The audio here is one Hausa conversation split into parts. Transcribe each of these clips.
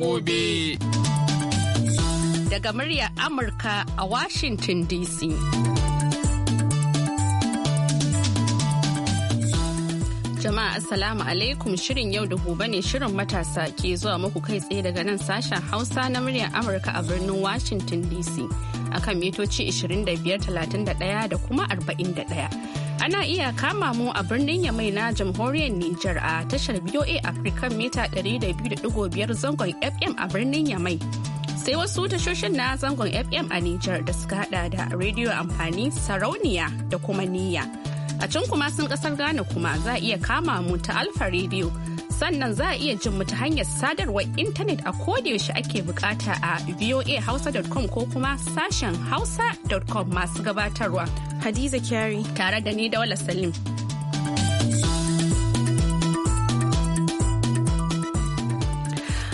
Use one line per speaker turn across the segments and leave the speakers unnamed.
gobe.
Daga muryar Amurka a Washington DC. Jama'a Assalamu alaikum shirin yau da gobe ne shirin matasa ke zuwa muku kai tsaye daga nan sashen Hausa na muryar Amurka a birnin Washington DC akan mitoci 25, 31 da kuma 41. Ana iya kama mu a birnin Yamai na jamhuriyar Nijar a tashar BOA African mita 200.5 zangon FM a birnin Yamai. Sai wasu tashoshin na zangon FM a Nijar da suka hada da rediyo amfani sarauniya da kuma niyya. A can kuma sun kasar Ghana kuma za a iya kama mu ta Alfa rediyo sannan za a iya jin mu ta hanyar sadarwar intanet a yaushe ake bukata a voahausa.com ko kuma sashen hausa.com masu gabatarwa. Hadiza Kyari. Tare da
ni da Wala Salim.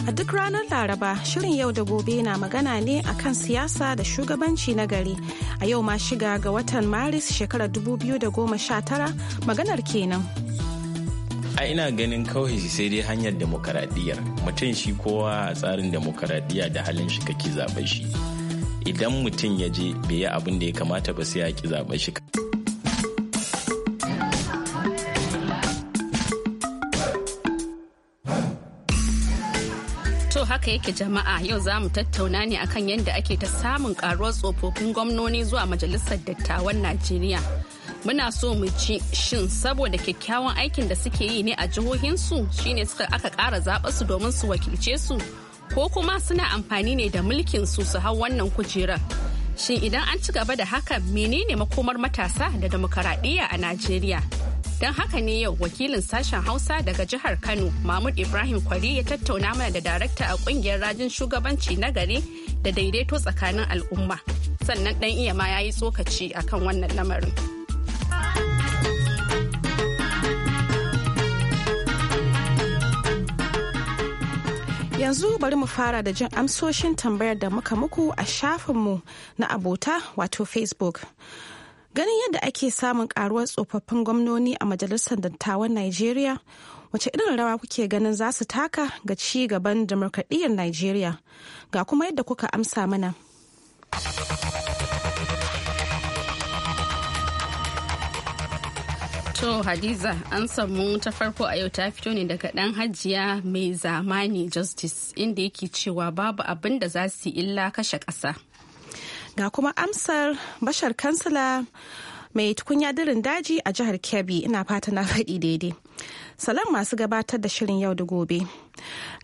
A duk ranar Laraba shirin yau da gobe na magana ne a kan siyasa da shugabanci na gari. A yau ma shiga ga watan Maris shekarar 2019 maganar kenan.
a ina ganin kawai sai dai hanyar demokaradiyyar mutum shi kowa a tsarin demokaradiyya da halin shi kake zaɓe shi idan mutum ya je bai yi abin da ya kamata ba sai ya ki zaɓe shi
haka yake jama'a yau za mu tattauna ne akan yadda ake ta samun karuwar tsofaffin gwamnoni zuwa majalisar dattawan najeriya muna so mu ci shin saboda kyakkyawan aikin da suke yi ne a jihohinsu shine suka aka kara zaɓa su domin su wakilce su ko kuma suna amfani ne da mulkin su su hau wannan kujerar shin idan an ci gaba da haka menene makomar matasa da demokaradiyya a najeriya don haka ne yau wakilin sashen hausa daga jihar kano mahmud ibrahim kwari ya tattauna mana da darakta a kungiyar rajin shugabanci na gari da daidaito tsakanin al'umma sannan dan iya ma ya yi tsokaci akan wannan lamarin.
yanzu bari mu fara da jin amsoshin tambayar da muka muku a shafinmu na abota wato facebook ganin yadda ake samun karuwar tsofaffin gwamnoni a majalisar dattawan nigeria wace irin rawa kuke ganin za su taka ga ci gaban demokradiyyar nigeria ga kuma yadda kuka amsa mana
To Hadiza an samu ta farko a yau ta fito ne daga ɗan hajiya mai zamani justice inda yake cewa babu abin da za su illa kashe ƙasa.
Ga kuma amsar bashar kansila mai tukunya dirin daji a jihar Kebbi ina fata na faɗi daidai. Salam masu gabatar da shirin yau da gobe.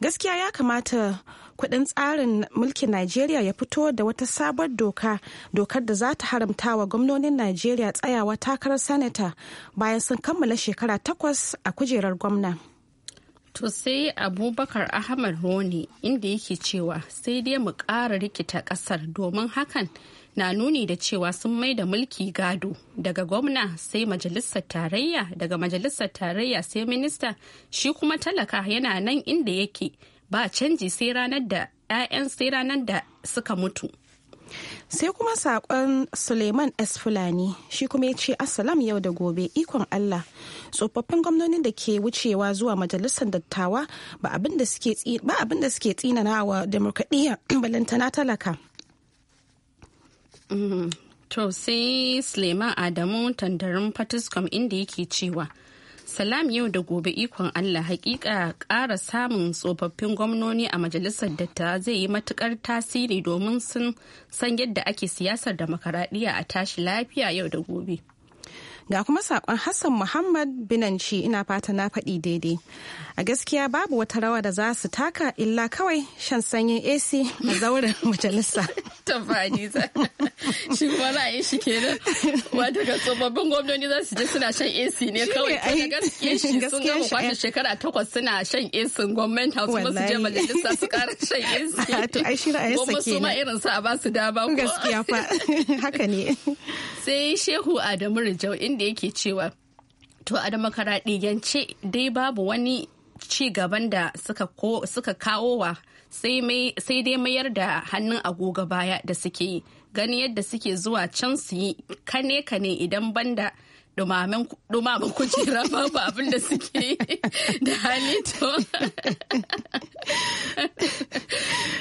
Gaskiya ya kamata kudin tsarin mulkin Najeriya ya fito da wata sabuwar doka, dokar da za ta haramta wa gwamnonin Najeriya tsayawa takarar sanata bayan sun kammala shekara takwas a kujerar gwamna.
To sai Abubakar Ahmad Roni inda yake cewa sai dai mu ƙara rikita ƙasar domin hakan na nuni da cewa sun mai da mulki gado daga gwamna sai majalisar tarayya daga majalisar tarayya sai minista shi kuma talaka yana nan inda yake ba canji sai ranar da 'ya'yan sai ranar da suka mutu
sai kuma sakon suleiman s fulani shi kuma ya ce asalam yau da gobe ikon allah tsofaffin gwamnonin da ke wucewa zuwa majalisar dattawa ba abin da suke tsinana wa demokradiyyar balantana talaka
mm-hmm. to sai suleiman adamu tandarin patiscom inda yake cewa Salam yau da gobe ikon Allah hakika ƙara samun tsofaffin gwamnoni a majalisar datta zai yi matukar tasiri domin sun
san yadda ake siyasar demokaradiyya a tashi lafiya yau da gobe. Ga kuma saƙon Hassan Muhammad Binanci ina fata na faɗi daidai. A gaskiya babu wata rawa da za su taka illa kawai shan sanyin AC a zauren majalisa.
Tafani shi kuma yi shi ke nan Wata daga tsofaffin gwamnoni za su je suna shan AC ne kawai. Kai gaskiya shi sun gama kwashe shekara takwas suna shan AC gwamnati house kuma su je majalisa su kara shan AC. To ai shi ra'ayin sa kenan. Kuma su ma irin sa a ba su dama.
Gaskiya fa haka ne.
Sai Shehu Adamu Rijau inda da yake cewa to a demokaradiyance dai babu wani ci gaban da suka kawo wa sai dai mayar da hannun agogo baya da suke yi gani yadda suke zuwa can su yi kane-kane idan banda dumamin kujera babu abin da suke da hali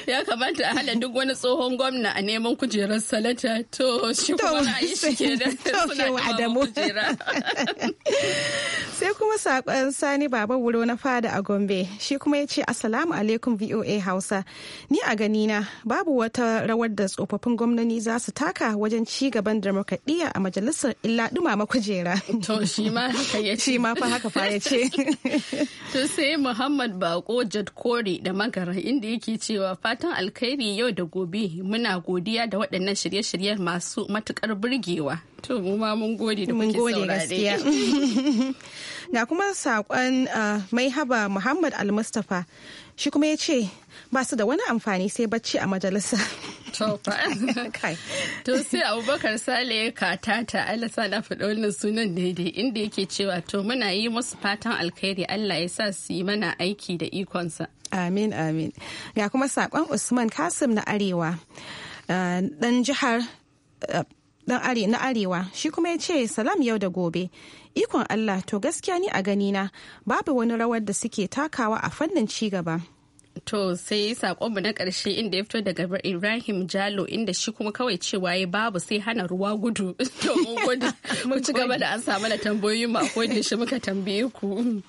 ya kamata a hada duk wani tsohon gwamna a neman
kujerar salata to shi kuma ra'ayi shi ke da suna adamu kujera sai kuma saƙon sani baba wuro na fada a gombe shi kuma ya ce assalamu alaikum voa hausa ni a ganina babu wata rawar da tsofaffin gwamnani za su taka wajen ci gaban da a majalisar illa dumama kujera Humaira. To shi ma haka ya ce. Shi ma fa haka fa ya ce.
To sai Muhammad Bako Jad Kore da Magara inda yake cewa fatan alkhairi yau da gobe muna godiya da waɗannan shirye-shiryen masu matukar burgewa. To mu ma mun gode da kuke
Ga kuma saƙon uh, mai haba Muhammad Al-Mustapha shi kuma ya ce ba su da wani amfani sai bacci a majalisa
to sai abubakar sale ya katata allah sa na faɗa wannan sunan daidai inda yake cewa to muna yi musu fatan alkhairi allah ya sa su yi mana aiki da ikonsa
amin amin ga kuma saƙon usman kasim na arewa dan eh, jihar eh, na arewa shi kuma ya ce salam yau da gobe ikon allah to gaskiya ni a ganina babu wani rawar da suke takawa a fannin ci gaba
To sai sakonmu na ƙarshe inda ya fito daga Ibrahim Jalo inda shi kuma kawai cewa ya babu sai hana ruwa gudu. To mun gudu mun ci gaba da an samu da tambayoyin ma ko shi muka tambaye ku.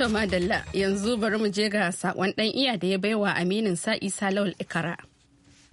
To madalla yanzu bari mu je ga sakon dan iya da ya baiwa aminin sa isa lawal ikara.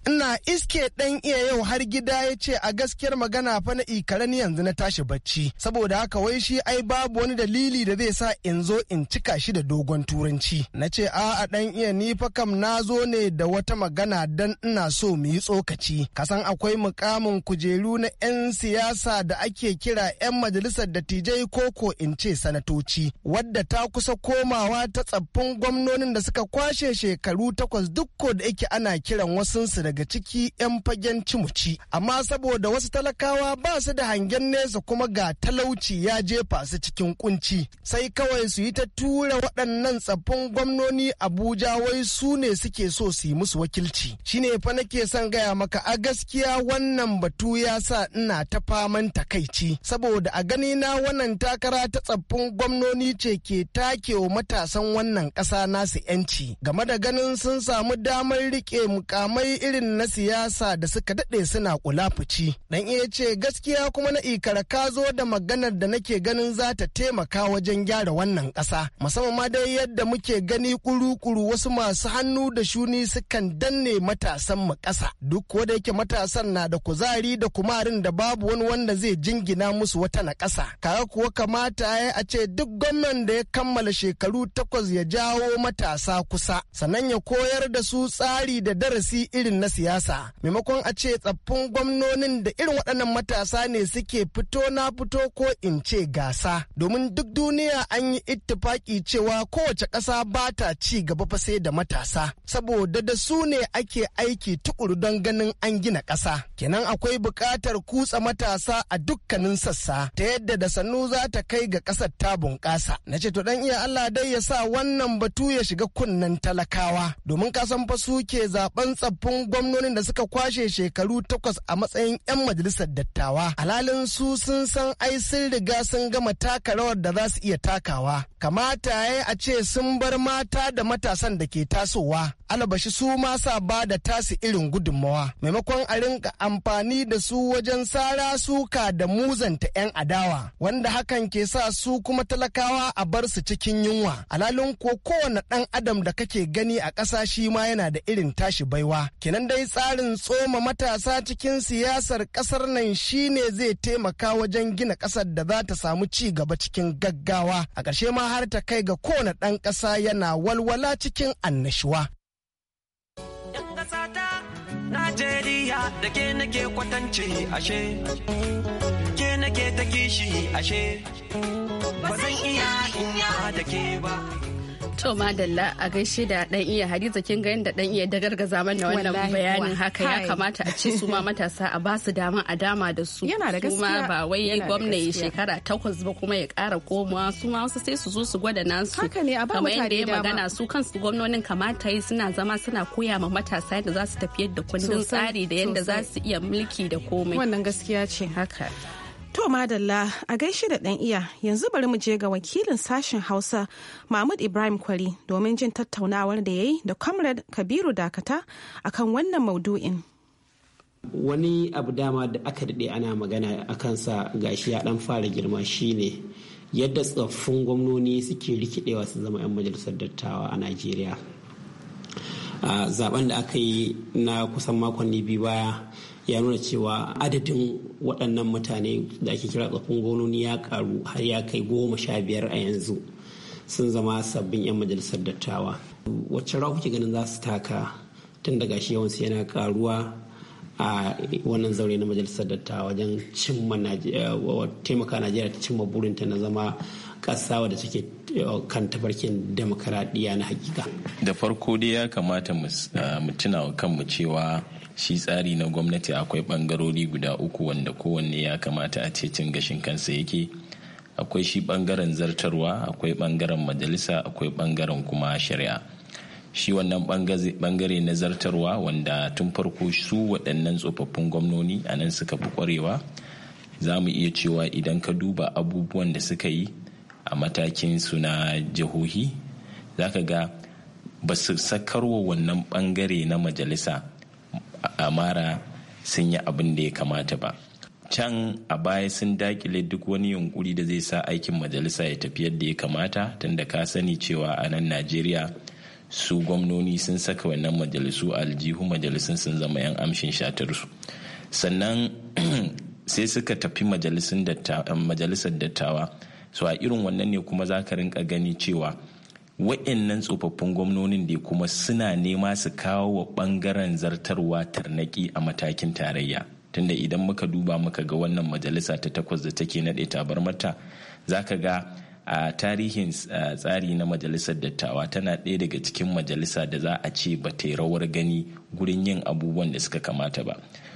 ina iske ɗan iya yau har gida ya ce a gaskiyar magana fa na ikare ni yanzu na tashi bacci saboda haka wai shi ai babu wani dalili da zai sa in zo in cika shi da dogon turanci na ce a a ɗan iya ni fa kam na zo ne da wata magana dan ina so mu yi tsokaci kasan akwai mukamin kujeru na 'yan siyasa da ake kira 'yan majalisar dattijai koko in ce sanatoci wadda ta kusa komawa ta tsaffin gwamnonin da suka kwashe shekaru takwas duk ko da yake ana kiran wasunsu da daga ciki 'yan fagen cimuci amma saboda wasu talakawa ba su da hangen nesa kuma ga talauci ya jefa su cikin kunci sai kawai su yi ta tura waɗannan tsaffin gwamnoni abuja wai su ne suke so su yi musu wakilci shine fa nake son gaya maka a gaskiya wannan batu ya sa ina ta faman takaici saboda a gani na wannan takara ta tsaffin gwamnoni ce ke takewa matasan wannan ƙasa nasu 'yanci game da ganin sun samu damar riƙe mukamai irin irin na siyasa da suka daɗe suna kula fici. Dan iya ce gaskiya kuma na ikara ka zo da maganar da nake ganin za ta taimaka wajen gyara wannan ƙasa. Musamman ma dai yadda muke gani kuru-kuru wasu masu hannu da shuni sukan danne matasan mu ƙasa. Duk ko da yake matasan na da kuzari da kumarin da babu wani wanda zai jingina musu wata na ƙasa. Kaga kuwa kamata ya a ce duk gwamnan da ya kammala shekaru takwas ya jawo matasa kusa. Sannan ya koyar da su tsari da darasi irin na na siyasa maimakon a ce tsaffin gwamnonin da irin waɗannan matasa ne suke fito na fito ko in ce gasa domin duk duniya an yi ittifaki cewa kowace ƙasa ba ta ci gaba fa sai da matasa saboda da su ne ake aiki tukuru don ganin an gina ƙasa kenan akwai buƙatar kutsa matasa a dukkanin sassa ta yadda da sannu za ta kai ga ƙasar ta bunƙasa na ce to dan iya Allah dai ya sa wannan batu ya shiga kunnen talakawa domin kasan fa suke zaben tsaffin gwamnonin da suka kwashe shekaru takwas a matsayin 'yan majalisar dattawa. alalin su sun san ai sun riga sun gama taka rawar da za su iya takawa. kamata ya a ce sun bar mata da matasan da ke tasowa alabashi su ma sa ba da tasi irin gudunmawa maimakon a rinka amfani da su wajen sara suka da muzanta 'yan adawa wanda hakan ke sa su kuma talakawa a bar su cikin yunwa alalin ko kowane dan adam da kake gani a ƙasa shi ma yana da irin tashi baiwa kenan dai tsarin tsoma matasa cikin siyasar ƙasar nan shine zai taimaka wajen gina ƙasar da za ta samu ci gaba cikin gaggawa a ƙarshe ma kuma har ta kai ga kowane ɗan ƙasa yana walwala cikin annashuwa.
Najeriya da ke nake kwatance ashe, ke nake ta kishi ashe, ba zan iya inya da
ke ba. To madalla a gaishe da dan iya Hadiza kin ga yadda dan iya da gargaza mana wannan bayanin haka ya kamata a ce su ma matasa a ba su dama a dama da su. Yana ba wai gwamna ya shekara takwas ba kuma ya kara komawa su ma wasu sai su zo su gwada nasu. Haka ne a ba mutane da magana su kansu gwamnonin kamata yi suna zama suna koya ma matasa yadda za su tafi da kundin tsari da yadda za su iya mulki da komai. Wannan
gaskiya ce haka. To madalla a gaishe da ɗan iya yanzu bari mu je ga wakilin sashen Hausa Mahmud Ibrahim Kwari domin jin tattaunawar da ya yi da Comrade Kabiru Dakata akan wannan maudu'in.
Wani abu dama da aka daɗe ana magana a kansa gashi ya ɗan fara girma shine yadda tsoffin gwamnoni suke rikidewa su zama 'yan majalisar dattawa a Najeriya. Zaben da aka yi na kusan makonni biyu baya ya nuna cewa adadin waɗannan mutane da ake kira tsofin gononi ya karu har ya kai goma sha biyar a yanzu sun zama sabbin 'yan majalisar dattawa wacce rawa kuke ganin za su taka tun daga shi yawansu yana karuwa a wannan zaure na majalisar dattawa wajen eh, taimaka najeriya ta cimma burinta na zama ƙasa da take eh, kan tafarkin demokaradiyya na hakika
da farko dai ya kamata mu eh, tuna wa kanmu cewa shi tsari na gwamnati akwai bangarori guda uku wanda kowanne ya kamata a ce cin gashin kansa yake akwai shi bangaren zartarwa akwai bangaren majalisa akwai bangaren kuma shari'a shi wannan bangare na zartarwa wanda tun farko su waɗannan tsofaffin gwamnoni a nan suka fi ƙwarewa za mu iya cewa idan ka duba abubuwan da suka yi a matakin su na jihohi za ka ga ba su sakarwa wannan bangare na majalisa amara sun yi abin da ya kamata ba can a baya sun dakile duk wani yunkuri da zai sa aikin majalisa ya tafi yadda ya kamata tunda ka sani cewa a nan najeriya su gwamnoni sun saka wannan majalisu aljihu majalisun sun zama 'yan amshin shatarsu sannan sai suka tafi majalisar dattawa su a irin wannan ne kuma zaka rinka gani cewa waɗannan tsofaffin gwamnonin da kuma suna nema su kawo wa ɓangaren zartarwa tarnaki a matakin tarayya tunda idan muka duba muka ga wannan majalisa ta takwas da take naɗe tabar mata za ka ga a tarihin tsari na majalisar dattawa tana ɗaya daga cikin majalisa da za a ce ba ta rawar gani gurin yin abubuwan da suka kamata ba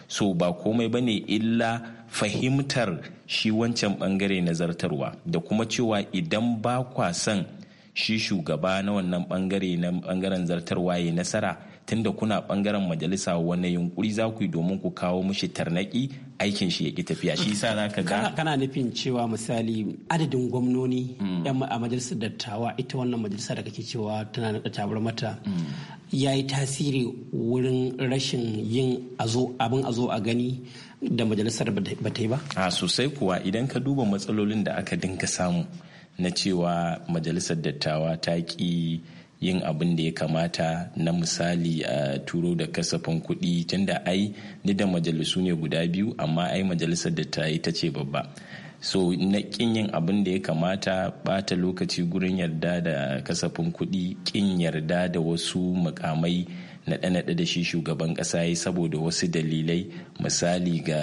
so ba komai ba ne illa fahimtar shi wancan ɓangare na zartarwa da kuma cewa idan ba kwa son shi shugaba na wannan bangare na bangaren zartar waye nasara tunda kuna bangaren majalisa wani yunkuri za ku yi domin ku kawo mushi tarnaki aikin shi ya ki tafiya shi sa za ka ga
kana nufin cewa misali adadin gwamnoni mm. yan a majalisar dattawa ita wannan majalisar da kake cewa tana da tabar mata mm. ya yi tasiri wurin rashin yin abin a zo a gani da majalisar ba ta yi ba
a sosai kuwa idan ka duba matsalolin da aka dinka samu na cewa majalisar dattawa ta ki yin abin da ya kamata na misali a turo da kasafin kuɗi tunda ai ni da majalisu ne guda biyu amma ai majalisar da ta ce babba so na kin yin abin da ya kamata bata lokaci gurin yarda da kasafin kuɗi kin yarda da wasu mukamai naɗe-naɗe da shi shugaban ƙasa ya saboda wasu dalilai misali ga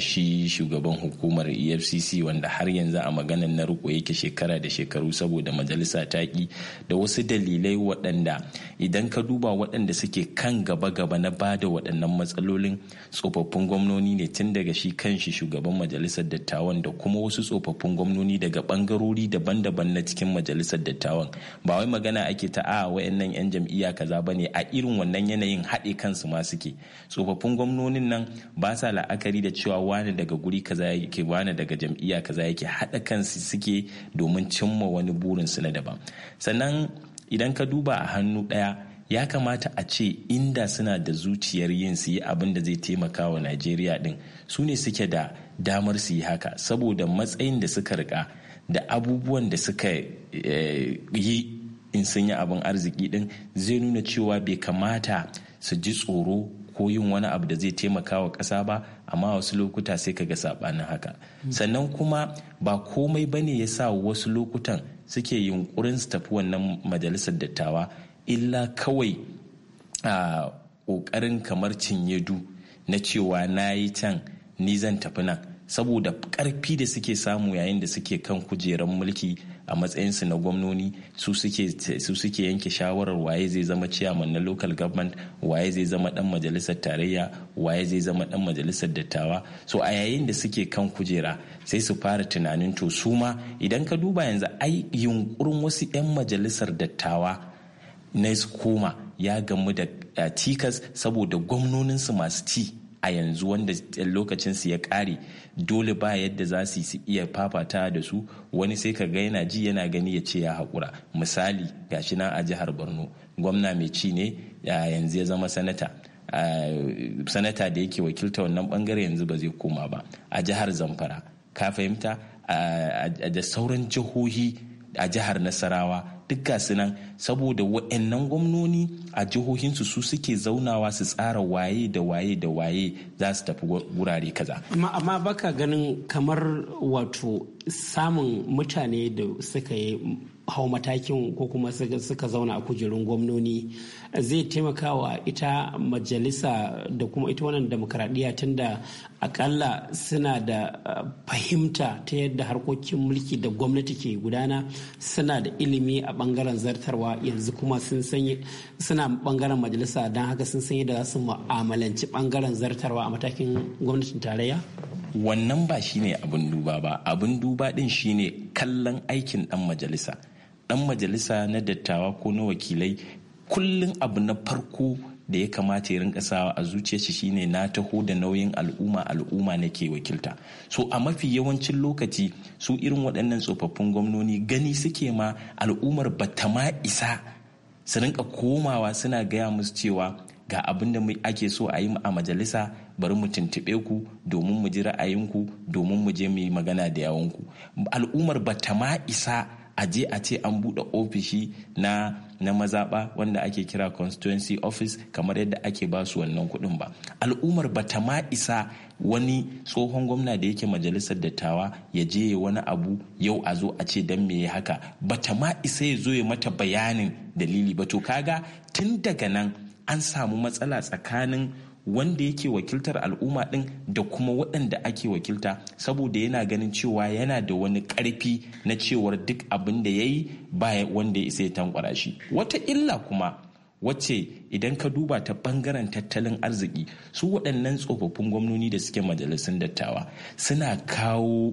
shi shugaban hukumar efcc wanda har yanzu a maganan na riko yake shekara da shekaru saboda majalisa ta ki da wasu dalilai waɗanda idan ka duba waɗanda suke kan gaba-gaba na ba da waɗannan matsalolin tsofaffin gwamnoni ne tun daga shi kanshi shugaban majalisar dattawan da kuma wasu tsofaffin gwamnoni daga ɓangarori daban-daban na cikin majalisar dattawan ba wai magana ake ta a ah, wayannan 'yan jam'iyya kaza bane a irin wannan yanayin haɗe kansu ma suke tsofaffin gwamnonin nan ba sa la'akari da cewa wani daga guri kaza yake wani daga jam'iyya kaza yake haɗa kansu suke domin cimma wani burin su na daban sannan idan ka duba a hannu ɗaya ya kamata a ce inda suna da zuciyar yin su yi abin da zai taimaka wa najeriya din su ne suke da damar su yi haka saboda matsayin da suka rika da abubuwan da suka eh, yi in sun yi abin arziki din zai nuna cewa bai kamata su ji tsoro ko yin wani abu da zai taimaka wa ƙasa ba amma wasu lokuta sai ka ga saɓanin haka sannan kuma ba komai bane ya sa wasu lokutan suke yunkurin su tafi wannan majalisar dattawa illa kawai a ƙoƙarin kamar cinye cinyedu na cewa na yi can ni zan tafi nan saboda ƙarfi da suke samu yayin da suke kan kujerar mulki a matsayinsu na gwamnoni su suke yanke shawarar waye zai zama ciyaman na local government waye zai zama dan majalisar tarayya waye zai zama dan majalisar dattawa so a yayin da suke kan kujera sai su fara tunanin to su idan ka duba yanzu ai yunkurin wasu 'yan majalisar dattawa na koma ya gamu da tikas saboda gwamnoninsu masu ci a yanzu wanda lokacin su ya kare dole ba yadda za su iya fafata da su wani sai ka ga yana ji yana gani ya ce ya haƙura misali gashi nan a jihar borno gwamna mai ci ne yanzu ya zama sanata sanata da yake wakilta wannan bangare yanzu ba zai koma ba a jihar zamfara ka fahimta da sauran jihohi a jihar nasarawa duk gasu nan saboda wa'annan gwamnoni a jihohinsu su suke zaunawa su tsara waye da waye da waye za su tafi wurare kaza.
amma baka ganin kamar wato samun mutane da suka yi hau matakin ko kuma suka zauna a kujerun gwamnoni zai taimakawa ita majalisa da kuma ita wannan demokaradiyya tunda akalla suna da ah, fahimta ta yadda harkokin mulki da gwamnati ke gudana suna da ilimi a bangaren zartarwa yanzu kuma sun sanya suna bangaren majalisa don haka sun sanya da za su mu'amalanci bangaren zartarwa a matakin gwamnatin tarayya
wannan ba shine abin duba ba abin duba din shine kallon aikin dan majalisa dan majalisa na dattawa ko na wakilai kullum abu na farko da ya kamata ya rinka sawa a zuciyar shi shine na taho da nauyin al'umma al'umma nake wakilta so a mafi yawancin lokaci su irin waɗannan tsofaffin gwamnoni gani suke ma al'ummar bata ma isa su rinka komawa suna gaya musu cewa ga abin da ake so a yi a majalisa bari mu tuntuɓe ku domin mu ji ra'ayinku domin mu je mu yi magana da yawanku al'ummar bata ma isa a je a ce an buɗe ofishi na na mazaɓa wanda ake kira constituency office kamar yadda ake ba su wannan kuɗin ba al'ummar ba ta ma isa wani tsohon gwamna da yake majalisar dattawa ya je wani abu yau a zo a ce dan me ya haka ba ta ma isa ya zo ya mata bayanin dalili ba to kaga tun daga nan an samu matsala tsakanin wanda yake wakiltar al'umma din da kuma waɗanda ake wakilta saboda yana ganin cewa yana da wani ƙarfi na cewar duk abin da ya yi ba wanda ya isa ya tankwara shi wata illa kuma wacce idan ka duba ta bangaren tattalin arziki su waɗannan tsofaffin gwamnoni da suke majalisun dattawa suna kawo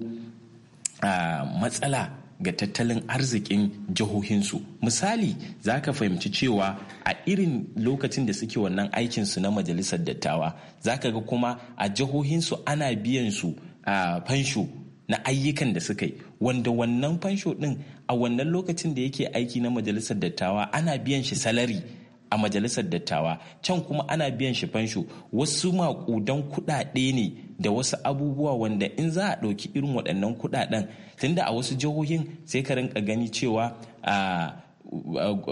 ah, matsala ga tattalin arzikin jihohinsu misali za ka fahimci cewa a irin lokacin da suke wannan aikinsu na majalisar dattawa za ka ga kuma a jihohinsu ana biyan su a fansho na ayyukan da suka yi wanda wannan fansho din a wannan lokacin da yake aiki na majalisar dattawa ana biyan shi salari a majalisar dattawa can kuma ana biyan shi fansho wasu maƙudan kuɗaɗe ne da wasu abubuwa wanda in za a ɗauki irin waɗannan kuɗaɗen tunda a wasu jihohin sai ka rinka gani cewa a ah,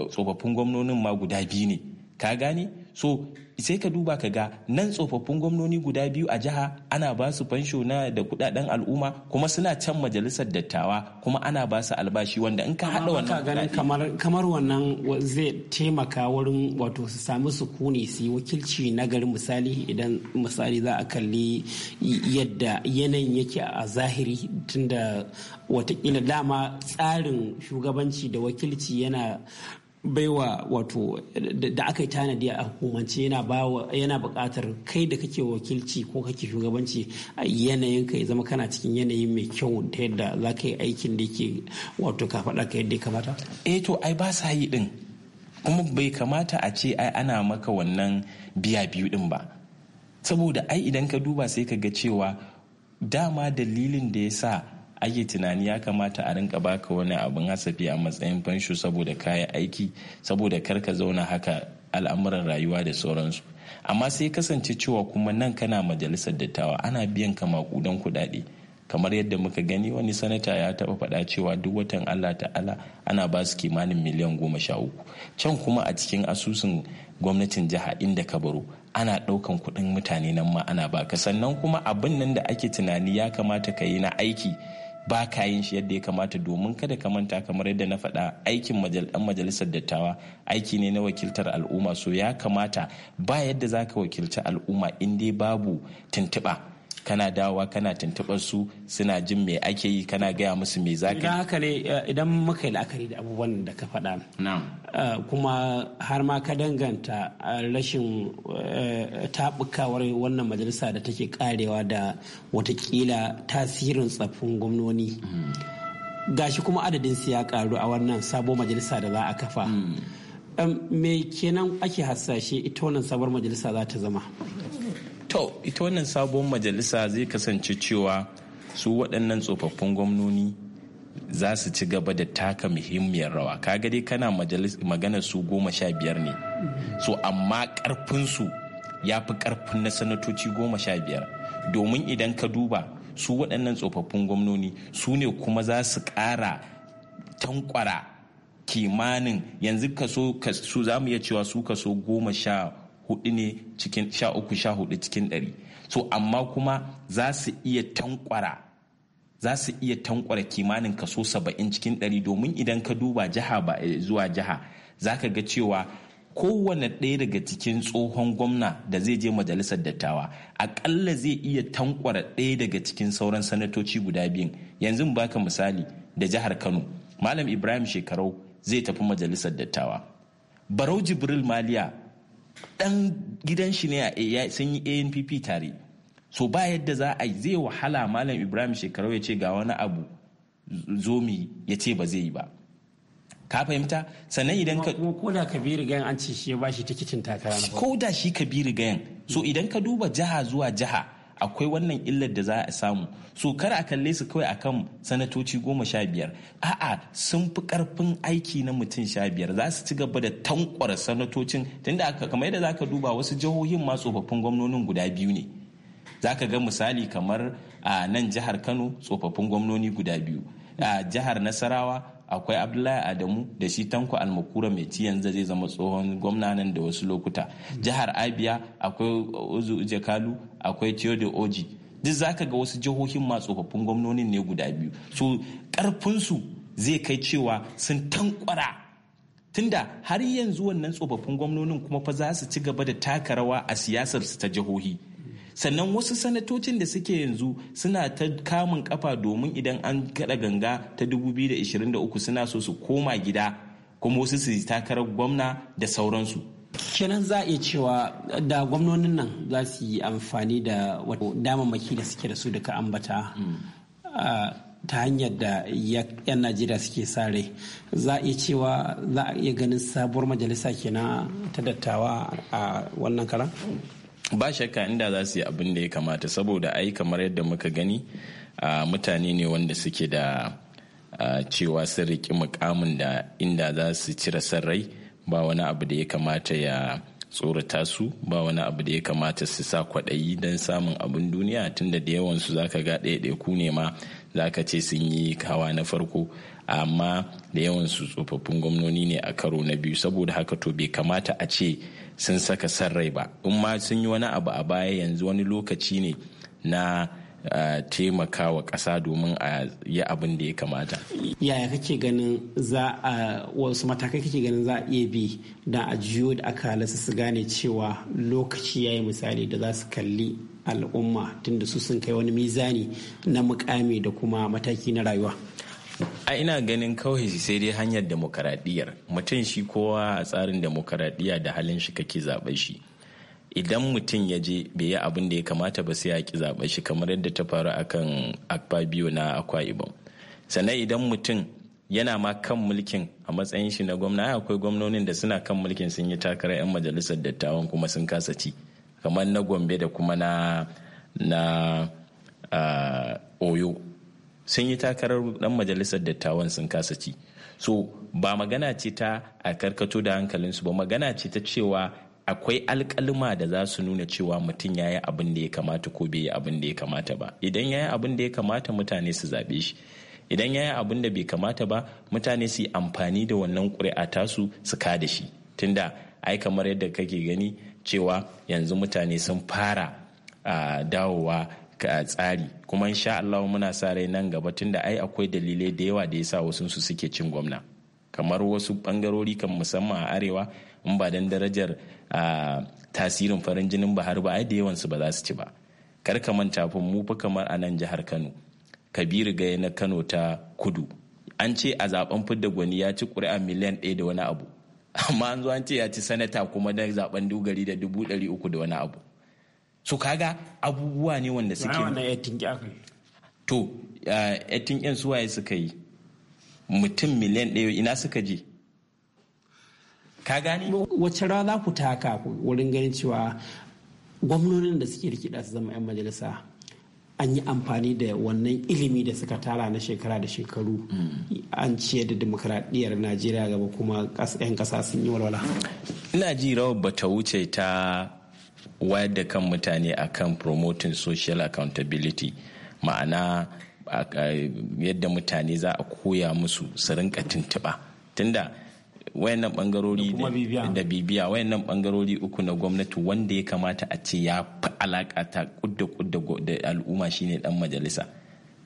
tsofaffin gwamnonin ma guda biyu ne ka gane so sai ka duba ka ga nan tsofaffin gwamnoni guda biyu a jiha ana ba su fansho na da kudaden al'umma kuma suna can majalisar dattawa kuma ana ba su albashi wanda in ka hada wannan ganin kamar
kamar wannan zai taimaka wurin wato su su sukuni su yi wakilci na garin misali idan misali za a kalli yadda yanayin yake a zahiri tunda watakila dama tsarin shugabanci da wakilci yana baiwa wato da aka yi tanadi a hukumance yana bukatar kai da kake wakilci ko kake shugabanci a yanayin ka ya zama kana cikin
yanayi mai kyau ta yadda za ka yi aikin da ke wato ka faɗa ka yadda ya kamata. eh to ai ba sa yi din kuma bai kamata a ce ai ana maka wannan biya biyu din ba saboda ai idan ka duba sai ka ga cewa dama dalilin da ya sa ake tunani ya kamata a rinka baka wani abin hasafi a matsayin fansho saboda kayan aiki saboda kar ka zauna haka al'amuran rayuwa da sauransu amma sai kasance cewa kuma nan kana majalisar dattawa ana biyan ka makudan kuɗaɗe kamar yadda muka gani wani sanata ya taɓa faɗa cewa duk watan allah ta'ala ana ba su kimanin miliyan goma sha uku can kuma a cikin asusun gwamnatin jiha inda ka baro ana ɗaukan kuɗin mutane nan ma ana baka sannan kuma abin nan da ake tunani ya kamata ka yi na aiki ba ka yin shi yadda ya kamata domin kada ka manta kamar yadda na faɗa aikin ɗan majalisar dattawa aiki ne na wakiltar al'umma so ya kamata ba yadda za ka wakilci al'umma in dai babu tuntuɓa kana dawa kana tuntuɓar su suna jin mai ake yi kana gaya musu mai za ka haka ne
eh, idan muka yi la'akari da abubuwan da ka faɗa eh, kuma har ma ka danganta eh, rashin taɓukawar wannan majalisa da take karewa da watakila tasirin tsaffin gwamnoni
mm.
gashi kuma adadin su ya karu a wannan sabon majalisa da za a kafa mm. me kenan ake hasashe ita wannan sabon majalisa za ta
zama to ita wannan sabon majalisa zai kasance cewa su waɗannan tsofaffin gwamnoni za su ci gaba da taka muhimmiyar rawa kaga dai kana magana su goma sha biyar ne so amma ƙarfinsu ya fi ƙarfin na sanatoci goma sha biyar domin idan ka duba su waɗannan tsofaffin gwamnoni su ne kuma za su ƙara tankwara kimanin yanzu kaso su za mu iya cewa su kaso goma sha hudu ne cikin sha uku sha hudu cikin ɗari so amma kuma za su iya tankwara za su iya tankwara kimanin kaso saba'in cikin ɗari domin idan ka duba jiha ba eh, zuwa jiha za ka ga cewa kowane ɗaya daga cikin tsohon gwamna da zai je majalisar dattawa aƙalla zai iya tankwara ɗaya daga cikin sauran sanatoci guda biyun yanzu baka misali da jihar kano malam ibrahim shekarau zai tafi majalisar dattawa barau jibril maliya dan gidan shi ne a sun yi anpp tare so ba yadda za a yi zai wahala malam ibrahim shekaru ya ce ga wani abu zomi ya ce ba zai yi ba ka fahimta sannan idan ka ko da kabiru gayan an ce shi ya bashi tikitin takara ko da shi kabiru gayan so idan ka duba jiha zuwa jiha akwai wannan illar da za a samu so kar a kalle su kawai akan sanatoci goma sha biyar a'a sun fi karfin aiki na mutum sha biyar za su ci gaba da tankwara sanatocin tunda aka kamar yadda zaka duba wasu jihohin ma tsofaffin gwamnonin guda biyu ne zaka ga misali kamar a nan jihar kano tsofaffin gwamnoni guda biyu a jihar nasarawa akwai abdullahi adamu da shi tanko almakura mai ci yanzu zai zama tsohon gwamna nan da wasu lokuta jihar abia akwai ozu kalu akwai teode oji duk zaka ga wasu jihohin ma tsofaffin gwamnonin ne guda biyu su karfinsu zai kai cewa sun tankwara tunda har yanzu wannan tsofaffin gwamnonin kuma fa za su ci gaba da taka rawa a siyasar su ta jihohi sannan wasu sanatocin da suke yanzu suna ta kamun kafa domin idan an kada ganga ta 2023 suna so su koma gida kuma wasu su takarar gwamna da sauransu
kenan za a iya cewa da gwamnonin nan za su yi amfani da damammaki da suke da su daga ambata ta hanyar da 'yan najeriya suke sare za a iya cewa za a iya ganin sabuwar majalisa kenan ta dattawa a wannan karan
ba shakka inda za su yi abin da ya kamata saboda ai kamar yadda muka gani mutane ne wanda suke da cewa sun riƙi mukamin da inda za su cire sarrai ba wani abu da ya kamata ya tsorata su ba wani abu da ya kamata su sa kwaɗayi don samun abin duniya tunda da yawansu za ka ga ɗaya ku ne ma za ka ce sun yi kawa na farko amma da yawansu tsofaffin gwamnoni ne a karo na biyu saboda haka to bai kamata a ce sun saka san rai ba in ma sun yi wani abu a baya yanzu wani lokaci ne na taimakawa ƙasa domin a yi abin da ya kamata.
Yaya kake ganin za a wasu matakai kake ganin za a iya bi da a jiyo da aka halasa su gane cewa lokaci ya yi misali da za su kalli al'umma tunda su sun kai wani mizani na mukami da kuma mataki na rayuwa.
a ina ganin kawai sai dai hanyar demokaradiyyar mutum shi kowa a tsarin demokaradiyya da halin shi kake zaɓe shi idan mutum ya je bai yi abin da ya kamata ba sai ya ki zaɓe shi kamar yadda ta faru akan akpa biyu na akwa ibom sannan idan mutum yana ma kan mulkin a matsayin shi na gwamna akwai gwamnonin da suna kan mulkin sun yi takarar 'yan majalisar dattawan kuma sun kasa ci kamar na gombe da kuma na na ah, oyo sun yi takarar dan majalisar dattawan sun kasa ci so ba magana ce ta a karkato da hankalinsu ba magana ce ta cewa akwai alkalma da za su nuna cewa mutum ya yi abin da ya kamata ko bai yi abin da ya kamata ba idan ya yi abin da ya kamata mutane su zaɓe shi idan ya yi abin da bai kamata ba mutane su yi amfani da wannan ƙuri'a tasu su ka da shi tunda ai kamar yadda kake gani cewa yanzu mutane sun fara ah, dawowa tsari kuma insha Allah muna sa rai nan gaba tunda ai akwai dalilai da yawa da yasa wasu su suke cin gwamna kamar wasu bangarori kan musamman a arewa in ba dan darajar tasirin farin jinin har ba ai da yawan su ba za su ci ba kar ka manta fa mu fa kamar a nan jihar Kano Kabiru ga na Kano ta Kudu an ce a zaben fidda gwani ya ci ƙuri'a miliyan ɗaya da wani abu amma an zo an ce ya ci sanata kuma da zaben dogari da dubu ɗari uku da wani abu so kaga abubuwa ne wanda suke to yatin yan suwaye suka yi mutum miliyan ɗaya ina suka je
ka gane wacce rawa za ku taka wurin ganin cewa gwamnonin da suke rikida su zama 'yan majalisa an yi amfani da wannan ilimi da suka tara na shekara da shekaru mm. an ciyar da demokradiyyar najeriya gaba kuma 'yan kasa sun yi walwala
ina ji rawar bata wuce ta wayar da kan mutane a kan promoting social accountability ma'ana yadda mutane za a koya musu su rinka tuntuɓa tunda wayannan bangarori da bibiya wayannan bangarori uku na gwamnati wanda ya kamata a ce ya fi alaka ta kudda kudda da al'umma shine dan majalisa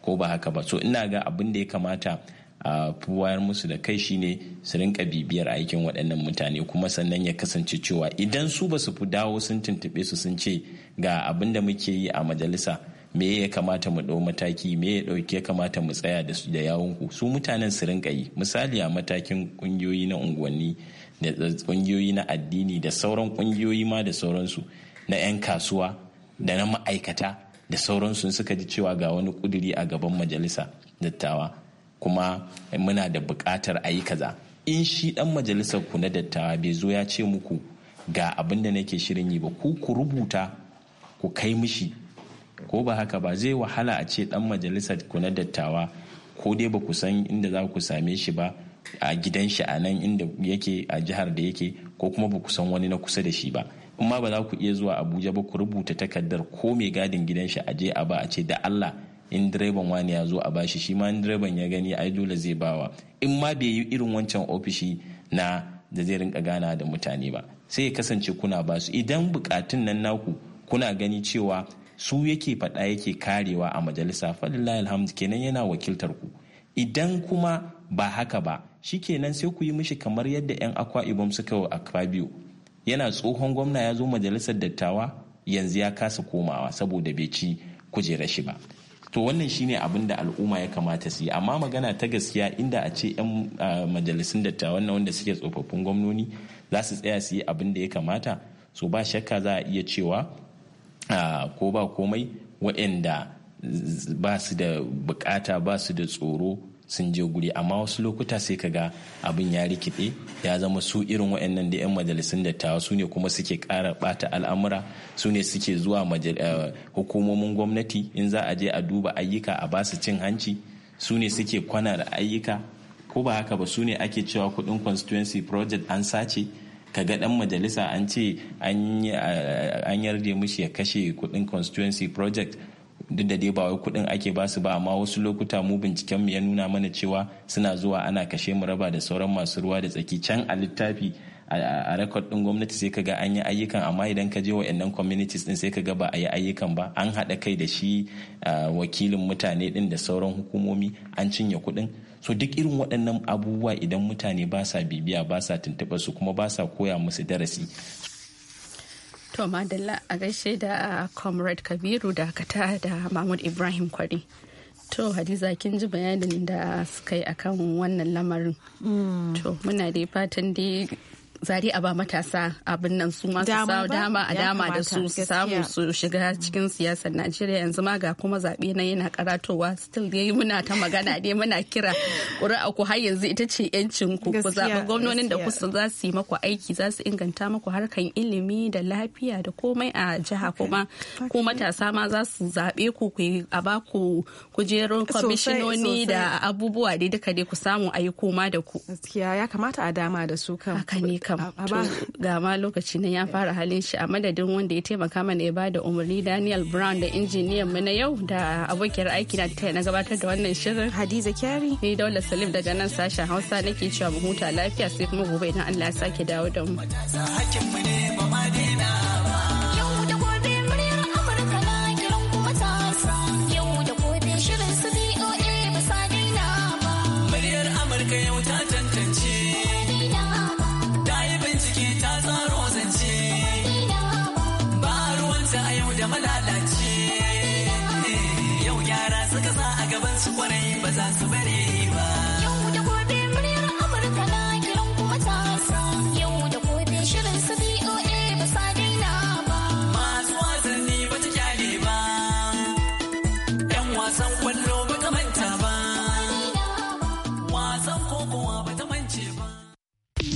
ko ba haka ba so ina ga abin da ya kamata a wayar musu da kai shine su rinka bibiyar aikin waɗannan mutane kuma sannan ya kasance cewa idan su ba su fi dawo sun tuntuɓe su sun ce ga abin da muke yi a majalisa me ya kamata mu ɗau mataki me ya ɗauki ya kamata mu tsaya da yawunku su mutanen su rinka yi misali a matakin ƙungiyoyi na unguwanni da ƙungiyoyi na addini da sauran ƙungiyoyi ma da sauransu na 'yan kasuwa da na ma'aikata da sauransu suka ji cewa ga wani ƙuduri a gaban majalisa dattawa kuma muna da buƙatar a yi kaza in shi ɗan majalisar ku na dattawa bai zo ya ce muku ga abin da nake shirin yi ba ku ku rubuta ku kai mishi ko ba haka ba zai wahala a ce ɗan majalisar ku na dattawa ko dai ba ku san inda za ku same shi ba a gidan shi a nan inda yake a jihar da yake ko kuma ba ku san wani na kusa da shi ba in ma ba za ku iya zuwa abuja ba ku rubuta takardar ko mai gadin gidan shi a je a ba a ce da allah in direban wani ya zo a bashi shi ma in direban ya gani ai dole zai bawa in ma bai yi irin wancan ofishi na da zai rinka gana da mutane ba sai ya kasance kuna basu idan bukatun nan naku kuna gani cewa su yake faɗa yake karewa a majalisa falillahi alhamdu kenan yana wakiltar ku idan kuma ba haka ba shi kenan sai ku yi mishi kamar yadda 'yan akwa ibom suka yi a biyu yana tsohon gwamna ya zo majalisar dattawa yanzu ya kasa komawa saboda bai ci kujerar shi ba to wannan shine abin da al'umma ya kamata su yi amma magana ta gaskiya inda a ce 'yan majalisun dattawan na wanda suke tsofaffin gwamnoni za su tsaya su yi abin da ya kamata so ba shakka za a iya cewa ko ba komai waɗanda ba su da bukata ba su da tsoro sun je guri amma wasu lokuta sai kaga abin ya rikide ya zama su irin waɗannan da 'yan majalisun dattawa su ne kuma suke ƙara ɓata al'amura su ne suke zuwa eh, hukumomin gwamnati in za a je a duba ayyuka a basu cin hanci su ne suke kwana da ayyuka ko ba haka ba su ne ake cewa kuɗin constituency project an sace ka ga dan majalisa an ce an eh, yarda mushi ya kashe kuɗin constituency project duk da dai ba wai kuɗin ake ba su ba amma wasu lokuta mu binciken mu ya nuna mana cewa suna zuwa ana kashe mu raba da sauran masu ruwa da tsaki can a littafi a rekod din gwamnati sai ka ga an yi ayyukan amma idan ka je wa wa'annan communities din sai ka ga ba a yi ayyukan ba an haɗa kai da shi wakilin mutane din da sauran hukumomi an cinye kuɗin so duk irin waɗannan abubuwa idan mutane ba sa bibiya ba sa tuntuɓa su kuma ba sa koya musu darasi
To Madalla a gaishe da ah, Comrade Kabiru da kata da Mahmud Ibrahim Kwari. To Hadiza kin ji bayanin da suka yi akan wannan lamarin. Mm. To muna dai fatan dai zari a ba matasa abin nan su masu sa dama a dama da su samu su shiga cikin siyasar Najeriya yanzu ma ga kuma zaɓe na yana karatowa still dai muna ta magana dai muna kira ƙuri'a ku har yanzu ita ce yancin ku ku zaɓi gwamnonin da kusa za su yi maku aiki za su inganta maku harkan ilimi da lafiya da komai a jiha kuma ku matasa ma za su zaɓe ku ku a ba ku kujerun kwamishinoni da abubuwa dai duka dai ku samu a yi koma da ku. Gaskiya ya kamata a dama da su kan. kam ga ma lokaci nan ya fara halin shi a madadin wanda ya taimaka mana ya bada umarni daniel brown da injiniyan mu na yau da abokiyar aiki na ta na gabatar da wannan shirin hadiza kyari ni daula salim daga nan sashen hausa nake cewa mu huta lafiya sai kuma gobe idan allah ya sake dawo da
mu